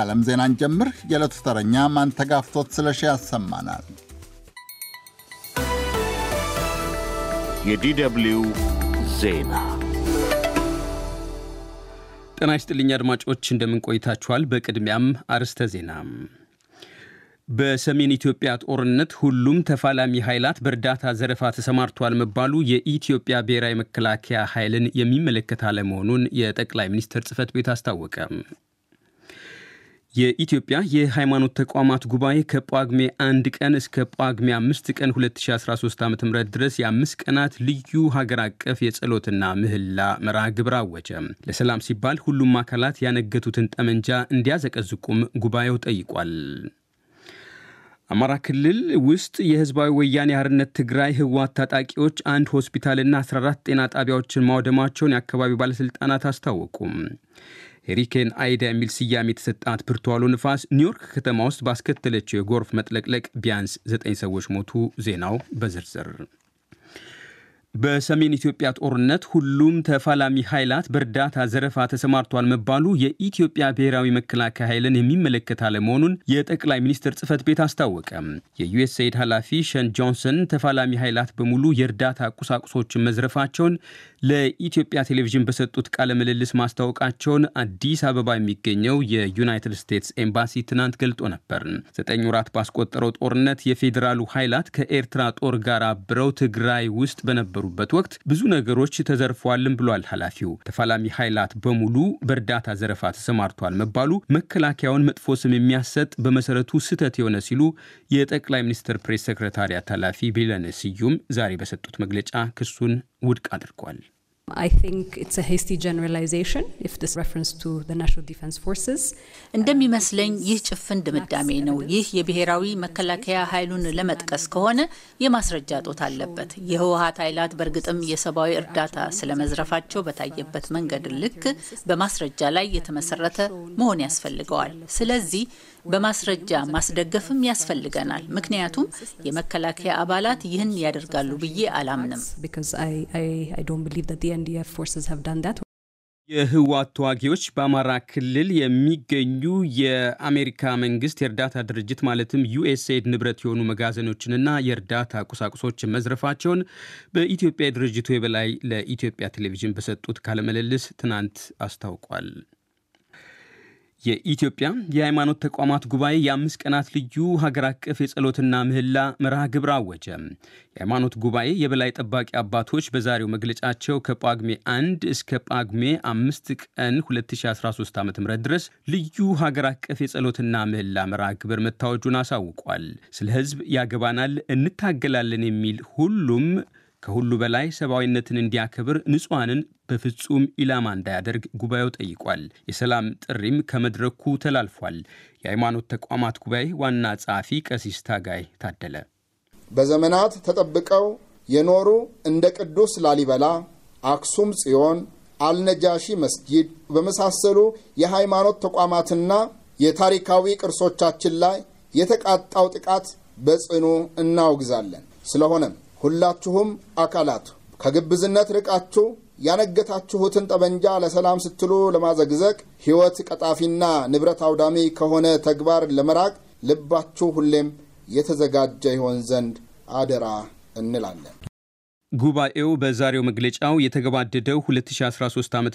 ከዓለም ዜናን ጀምር። የዕለቱ ተረኛ ማንተጋፍቶት ስለሺ ያሰማናል። የዲደብሊው ዜና ጤና ይስጥልኝ አድማጮች፣ እንደምን ቆይታችኋል? በቅድሚያም አርዕስተ ዜና በሰሜን ኢትዮጵያ ጦርነት ሁሉም ተፋላሚ ኃይላት በእርዳታ ዘረፋ ተሰማርቷል መባሉ የኢትዮጵያ ብሔራዊ መከላከያ ኃይልን የሚመለከት አለመሆኑን የጠቅላይ ሚኒስትር ጽህፈት ቤት አስታወቀ። የኢትዮጵያ የሃይማኖት ተቋማት ጉባኤ ከጳጉሜ አንድ ቀን እስከ ጳጉሜ አምስት ቀን 2013 ዓ ም ድረስ የአምስት ቀናት ልዩ ሀገር አቀፍ የጸሎትና ምህላ መርሃ ግብር አወጀ። ለሰላም ሲባል ሁሉም አካላት ያነገቱትን ጠመንጃ እንዲያዘቀዝቁም ጉባኤው ጠይቋል። አማራ ክልል ውስጥ የህዝባዊ ወያኔ ሓርነት ትግራይ ህወሓት ታጣቂዎች አንድ ሆስፒታልና 14 ጤና ጣቢያዎችን ማውደማቸውን የአካባቢው ባለሥልጣናት አስታወቁም። ሄሪኬን አይዳ የሚል ስያሜ የተሰጣት ብርቱ አውሎ ንፋስ ኒውዮርክ ከተማ ውስጥ ባስከተለችው የጎርፍ መጥለቅለቅ ቢያንስ 9 ሰዎች ሞቱ። ዜናው በዝርዝር በሰሜን ኢትዮጵያ ጦርነት ሁሉም ተፋላሚ ኃይላት በእርዳታ ዘረፋ ተሰማርቷል መባሉ የኢትዮጵያ ብሔራዊ መከላከያ ኃይልን የሚመለከት አለመሆኑን የጠቅላይ ሚኒስትር ጽህፈት ቤት አስታወቀ። የዩኤስኤድ ኃላፊ ሸን ጆንሰን ተፋላሚ ኃይላት በሙሉ የእርዳታ ቁሳቁሶችን መዝረፋቸውን ለኢትዮጵያ ቴሌቪዥን በሰጡት ቃለ ምልልስ ማስታወቃቸውን አዲስ አበባ የሚገኘው የዩናይትድ ስቴትስ ኤምባሲ ትናንት ገልጦ ነበር። ዘጠኝ ወራት ባስቆጠረው ጦርነት የፌዴራሉ ኃይላት ከኤርትራ ጦር ጋር አብረው ትግራይ ውስጥ በነበሩ በነበሩበት ወቅት ብዙ ነገሮች ተዘርፈዋልም ብሏል ኃላፊው። ተፋላሚ ኃይላት በሙሉ በእርዳታ ዘረፋ ተሰማርተዋል መባሉ መከላከያውን መጥፎ ስም የሚያሰጥ በመሰረቱ ስህተት የሆነ ሲሉ የጠቅላይ ሚኒስትር ፕሬስ ሰክረታሪያት ኃላፊ ቢለነ ስዩም ዛሬ በሰጡት መግለጫ ክሱን ውድቅ አድርጓል። እንደሚመስለኝ uh, ይህ ጭፍን ድምዳሜ ነው። ይህ የብሔራዊ መከላከያ ኃይሉን ለመጥቀስ ከሆነ የማስረጃ ጦት አለበት። የህወሀት ኃይላት በእርግጥም የሰብአዊ እርዳታ ስለመዝረፋቸው በታየበት መንገድ ልክ በማስረጃ ላይ የተመሰረተ መሆን ያስፈልገዋል። ስለዚህ በማስረጃ ማስደገፍም ያስፈልገናል። ምክንያቱም የመከላከያ አባላት ይህን ያደርጋሉ ብዬ አላምንም። and ፎርስስ ሀቭ ዳን ዳት done የህወሓት ተዋጊዎች በአማራ ክልል የሚገኙ የአሜሪካ መንግስት የእርዳታ ድርጅት ማለትም ዩኤስኤድ ንብረት የሆኑ መጋዘኖችንና የእርዳታ ቁሳቁሶችን መዝረፋቸውን በኢትዮጵያ ድርጅቱ የበላይ ለኢትዮጵያ ቴሌቪዥን በሰጡት ካለመለልስ ትናንት አስታውቋል። የኢትዮጵያ የሃይማኖት ተቋማት ጉባኤ የአምስት ቀናት ልዩ ሀገር አቀፍ የጸሎትና ምህላ መርሃ ግብር አወጀ። የሃይማኖት ጉባኤ የበላይ ጠባቂ አባቶች በዛሬው መግለጫቸው ከጳጉሜ 1 እስከ ጳጉሜ 5 ቀን 2013 ዓ ም ድረስ ልዩ ሀገር አቀፍ የጸሎትና ምህላ መርሃ ግብር መታወጁን አሳውቋል። ስለ ህዝብ ያገባናል እንታገላለን የሚል ሁሉም ከሁሉ በላይ ሰብአዊነትን እንዲያከብር ንጹሐንን በፍጹም ኢላማ እንዳያደርግ ጉባኤው ጠይቋል። የሰላም ጥሪም ከመድረኩ ተላልፏል። የሃይማኖት ተቋማት ጉባኤ ዋና ጸሐፊ ቀሲስ ታጋይ ታደለ በዘመናት ተጠብቀው የኖሩ እንደ ቅዱስ ላሊበላ፣ አክሱም ጽዮን፣ አልነጃሺ መስጂድ በመሳሰሉ የሃይማኖት ተቋማትና የታሪካዊ ቅርሶቻችን ላይ የተቃጣው ጥቃት በጽኑ እናወግዛለን። ስለሆነም ሁላችሁም አካላት ከግብዝነት ርቃችሁ ያነገታችሁትን ጠመንጃ ለሰላም ስትሉ ለማዘግዘቅ ሕይወት ቀጣፊና ንብረት አውዳሚ ከሆነ ተግባር ለመራቅ ልባችሁ ሁሌም የተዘጋጀ ይሆን ዘንድ አደራ እንላለን። ጉባኤው በዛሬው መግለጫው የተገባደደው 2013 ዓ ም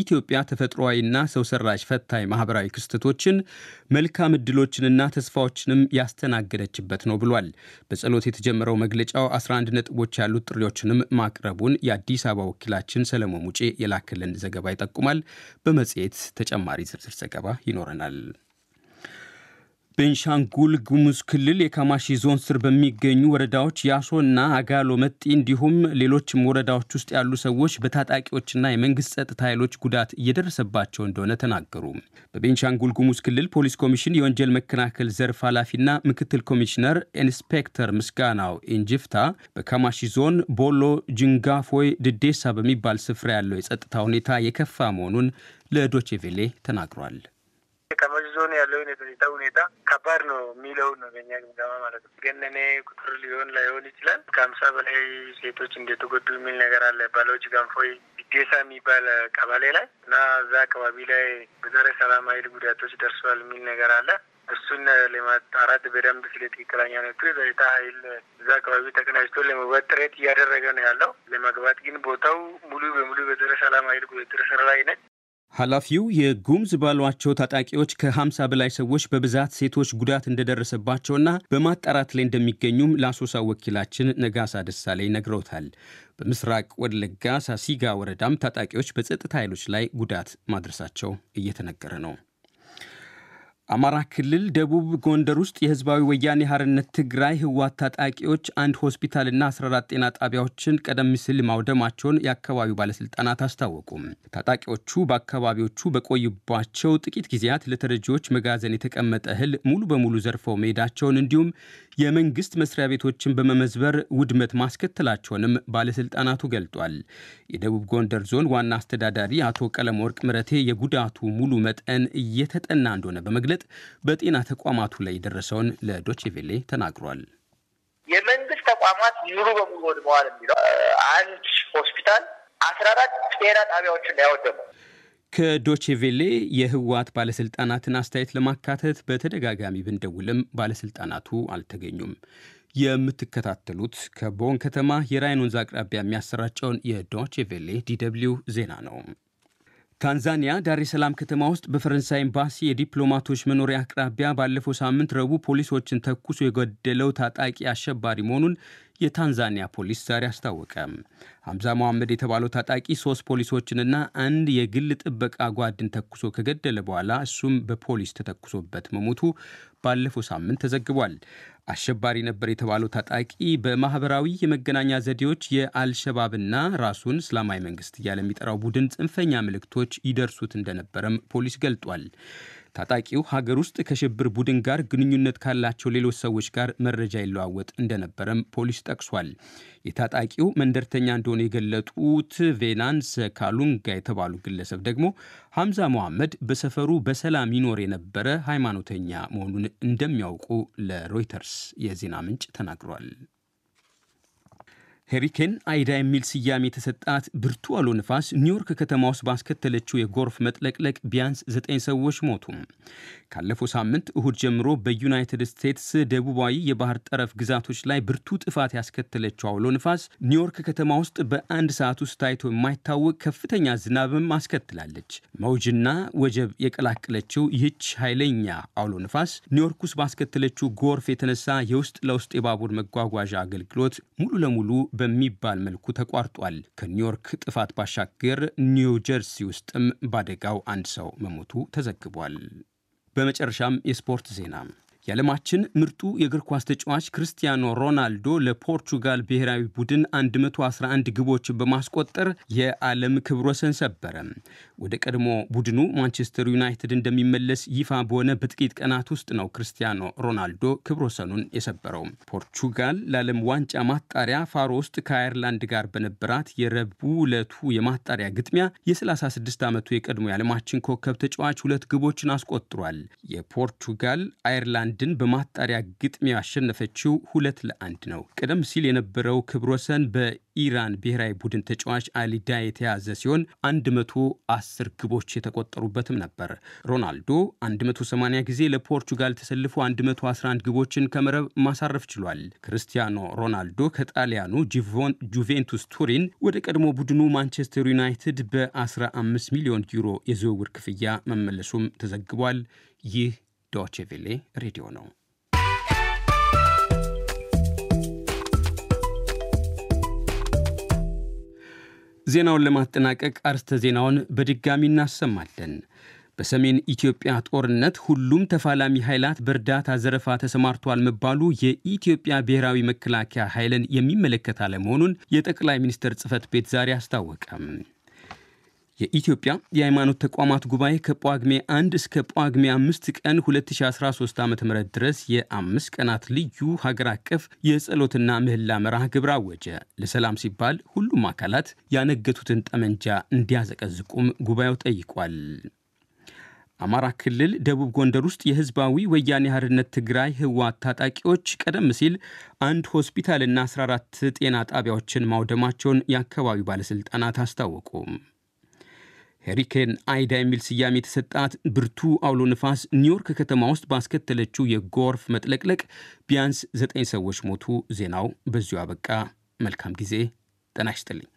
ኢትዮጵያ ተፈጥሯዊና ሰው ሰራሽ ፈታኝ ማኅበራዊ ክስተቶችን መልካም ዕድሎችንና ተስፋዎችንም ያስተናገደችበት ነው ብሏል። በጸሎት የተጀመረው መግለጫው 11 ነጥቦች ያሉት ጥሪዎችንም ማቅረቡን የአዲስ አበባ ወኪላችን ሰለሞን ሙጬ የላክልን ዘገባ ይጠቁማል። በመጽሔት ተጨማሪ ዝርዝር ዘገባ ይኖረናል። ቤንሻንጉል ጉሙዝ ክልል የካማሺ ዞን ስር በሚገኙ ወረዳዎች ያሶና አጋሎ መጢ እንዲሁም ሌሎችም ወረዳዎች ውስጥ ያሉ ሰዎች በታጣቂዎችና የመንግስት ጸጥታ ኃይሎች ጉዳት እየደረሰባቸው እንደሆነ ተናገሩ። በቤንሻንጉል ጉሙዝ ክልል ፖሊስ ኮሚሽን የወንጀል መከላከል ዘርፍ ኃላፊና ምክትል ኮሚሽነር ኢንስፔክተር ምስጋናው ኢንጅፍታ በካማሺ ዞን ቦሎ ጅንጋፎይ ድዴሳ በሚባል ስፍራ ያለው የጸጥታ ሁኔታ የከፋ መሆኑን ለዶቼቬሌ ተናግሯል። ያለው ሁኔታ ሁኔታ ከባድ ነው የሚለውን ነው በኛ ግምገማ ማለት ነው። ግን እኔ ቁጥር ሊሆን ላይሆን ይችላል ከሀምሳ በላይ ሴቶች እንደተጎዱ የሚል ነገር አለ። ባለዎች ጋንፎይ ዴሳ የሚባል ቀበሌ ላይ እና እዛ አካባቢ ላይ በዛሬ ሰላም ኃይል ጉዳቶች ደርሰዋል የሚል ነገር አለ። እሱን ለማጣራት በደንብ ስለ ትክክለኛ ነቱ የጸጥታ ኃይል እዛ አካባቢ ተቀናጅቶ ለመግባት ጥረት እያደረገ ነው ያለው። ለመግባት ግን ቦታው ሙሉ በሙሉ በዘረ ሰላም ኃይል ቁጥጥር ስር ላይ ነች። ኃላፊው የጉምዝ ባሏቸው ታጣቂዎች ከ50 በላይ ሰዎች በብዛት ሴቶች ጉዳት እንደደረሰባቸውና በማጣራት ላይ እንደሚገኙም ለአሶሳ ወኪላችን ነጋሳ ደሳለኝ ነግረውታል። በምስራቅ ወለጋ ሳሲጋ ወረዳም ታጣቂዎች በጸጥታ ኃይሎች ላይ ጉዳት ማድረሳቸው እየተነገረ ነው። አማራ ክልል ደቡብ ጎንደር ውስጥ የህዝባዊ ወያኔ ሀርነት ትግራይ ህወሓት ታጣቂዎች አንድ ሆስፒታልና 14 ጤና ጣቢያዎችን ቀደም ሲል ማውደማቸውን የአካባቢው ባለስልጣናት አስታወቁም። ታጣቂዎቹ በአካባቢዎቹ በቆዩባቸው ጥቂት ጊዜያት ለተረጂዎች መጋዘን የተቀመጠ እህል ሙሉ በሙሉ ዘርፈው መሄዳቸውን እንዲሁም የመንግስት መስሪያ ቤቶችን በመመዝበር ውድመት ማስከተላቸውንም ባለስልጣናቱ ገልጧል። የደቡብ ጎንደር ዞን ዋና አስተዳዳሪ አቶ ቀለም ወርቅ ምረቴ የጉዳቱ ሙሉ መጠን እየተጠና እንደሆነ በመግለጽ መጋለጥ በጤና ተቋማቱ ላይ የደረሰውን ለዶችቬሌ ተናግሯል። የመንግስት ተቋማት ሙሉ በሙሉ ወድመዋል የሚለው አንድ ሆስፒታል አስራ አራት ጤና ጣቢያዎችን ያወደመው ከዶችቬሌ የህወሓት ባለስልጣናትን አስተያየት ለማካተት በተደጋጋሚ ብንደውልም ባለስልጣናቱ አልተገኙም። የምትከታተሉት ከቦን ከተማ የራይን ወንዝ አቅራቢያ የሚያሰራጨውን የዶችቬሌ ዲደብሊው ዜና ነው። ታንዛኒያ ዳሬ ሰላም ከተማ ውስጥ በፈረንሳይ ኤምባሲ የዲፕሎማቶች መኖሪያ አቅራቢያ ባለፈው ሳምንት ረቡዕ ፖሊሶችን ተኩሶ የገደለው ታጣቂ አሸባሪ መሆኑን የታንዛኒያ ፖሊስ ዛሬ አስታወቀ። ሐምዛ መሐመድ የተባለው ታጣቂ ሶስት ፖሊሶችንና አንድ የግል ጥበቃ ጓድን ተኩሶ ከገደለ በኋላ እሱም በፖሊስ ተተኩሶበት መሞቱ ባለፈው ሳምንት ተዘግቧል። አሸባሪ ነበር የተባለው ታጣቂ በማህበራዊ የመገናኛ ዘዴዎች የአልሸባብና ራሱን እስላማዊ መንግስት እያለ የሚጠራው ቡድን ጽንፈኛ ምልክቶች ይደርሱት እንደነበረም ፖሊስ ገልጧል። ታጣቂው ሀገር ውስጥ ከሽብር ቡድን ጋር ግንኙነት ካላቸው ሌሎች ሰዎች ጋር መረጃ ይለዋወጥ እንደነበረም ፖሊስ ጠቅሷል። የታጣቂው መንደርተኛ እንደሆነ የገለጡት ቬናንስ ካሉንጋ የተባሉ ግለሰብ ደግሞ ሐምዛ መሐመድ በሰፈሩ በሰላም ይኖር የነበረ ሃይማኖተኛ መሆኑን እንደሚያውቁ ለሮይተርስ የዜና ምንጭ ተናግሯል። ሄሪኬን አይዳ የሚል ስያሜ የተሰጣት ብርቱ አውሎ ንፋስ ኒውዮርክ ከተማ ውስጥ ባስከተለችው የጎርፍ መጥለቅለቅ ቢያንስ ዘጠኝ ሰዎች ሞቱ። ካለፈው ሳምንት እሁድ ጀምሮ በዩናይትድ ስቴትስ ደቡባዊ የባህር ጠረፍ ግዛቶች ላይ ብርቱ ጥፋት ያስከተለችው አውሎ ንፋስ ኒውዮርክ ከተማ ውስጥ በአንድ ሰዓት ውስጥ ታይቶ የማይታወቅ ከፍተኛ ዝናብም አስከትላለች። መውጅና ወጀብ የቀላቀለችው ይህች ኃይለኛ አውሎ ንፋስ ኒውዮርክ ውስጥ ባስከተለችው ጎርፍ የተነሳ የውስጥ ለውስጥ የባቡር መጓጓዣ አገልግሎት ሙሉ ለሙሉ በሚባል መልኩ ተቋርጧል። ከኒውዮርክ ጥፋት ባሻገር ኒውጀርሲ ውስጥም በአደጋው አንድ ሰው መሞቱ ተዘግቧል። በመጨረሻም የስፖርት ዜና የዓለማችን ምርጡ የእግር ኳስ ተጫዋች ክርስቲያኖ ሮናልዶ ለፖርቹጋል ብሔራዊ ቡድን 111 ግቦች በማስቆጠር የዓለም ክብረ ወሰን ሰበረ። ወደ ቀድሞ ቡድኑ ማንቸስተር ዩናይትድ እንደሚመለስ ይፋ በሆነ በጥቂት ቀናት ውስጥ ነው ክርስቲያኖ ሮናልዶ ክብረ ወሰኑን የሰበረው። ፖርቹጋል ለዓለም ዋንጫ ማጣሪያ ፋሮ ውስጥ ከአየርላንድ ጋር በነበራት የረቡዕ ዕለቱ የማጣሪያ ግጥሚያ የ36 ዓመቱ የቀድሞ የዓለማችን ኮከብ ተጫዋች ሁለት ግቦችን አስቆጥሯል። የፖርቹጋል አየርላንድ አንድን በማጣሪያ ግጥሚያው ያሸነፈችው ሁለት ለአንድ ነው። ቀደም ሲል የነበረው ክብረ ወሰን በኢራን ብሔራዊ ቡድን ተጫዋች አሊዳ የተያዘ ሲሆን 110 ግቦች የተቆጠሩበትም ነበር። ሮናልዶ 180 ጊዜ ለፖርቹጋል ተሰልፎ 111 ግቦችን ከመረብ ማሳረፍ ችሏል። ክርስቲያኖ ሮናልዶ ከጣሊያኑ ጁቬንቱስ ቱሪን ወደ ቀድሞ ቡድኑ ማንቸስተር ዩናይትድ በ15 ሚሊዮን ዩሮ የዝውውር ክፍያ መመለሱም ተዘግቧል። ይህ ዶችቬሌ ሬዲዮ ነው። ዜናውን ለማጠናቀቅ አርስተ ዜናውን በድጋሚ እናሰማለን። በሰሜን ኢትዮጵያ ጦርነት ሁሉም ተፋላሚ ኃይላት በእርዳታ ዘረፋ ተሰማርቷል መባሉ የኢትዮጵያ ብሔራዊ መከላከያ ኃይልን የሚመለከት አለመሆኑን የጠቅላይ ሚኒስትር ጽህፈት ቤት ዛሬ አስታወቀም። የኢትዮጵያ የሃይማኖት ተቋማት ጉባኤ ከጳጉሜ 1 እስከ ጳጉሜ 5 ቀን 2013 ዓ ም ድረስ የአምስት ቀናት ልዩ ሀገር አቀፍ የጸሎትና ምህላ መርሃ ግብር አወጀ። ለሰላም ሲባል ሁሉም አካላት ያነገቱትን ጠመንጃ እንዲያዘቀዝቁም ጉባኤው ጠይቋል። አማራ ክልል ደቡብ ጎንደር ውስጥ የህዝባዊ ወያኔ ሓርነት ትግራይ ህወሓት ታጣቂዎች ቀደም ሲል አንድ ሆስፒታልና 14 ጤና ጣቢያዎችን ማውደማቸውን የአካባቢው ባለሥልጣናት አስታወቁ። ሄሪኬን አይዳ የሚል ስያሜ የተሰጣት ብርቱ አውሎ ንፋስ ኒውዮርክ ከተማ ውስጥ ባስከተለችው የጎርፍ መጥለቅለቅ ቢያንስ ዘጠኝ ሰዎች ሞቱ። ዜናው በዚሁ አበቃ። መልካም ጊዜ። ጤና ይስጥልኝ።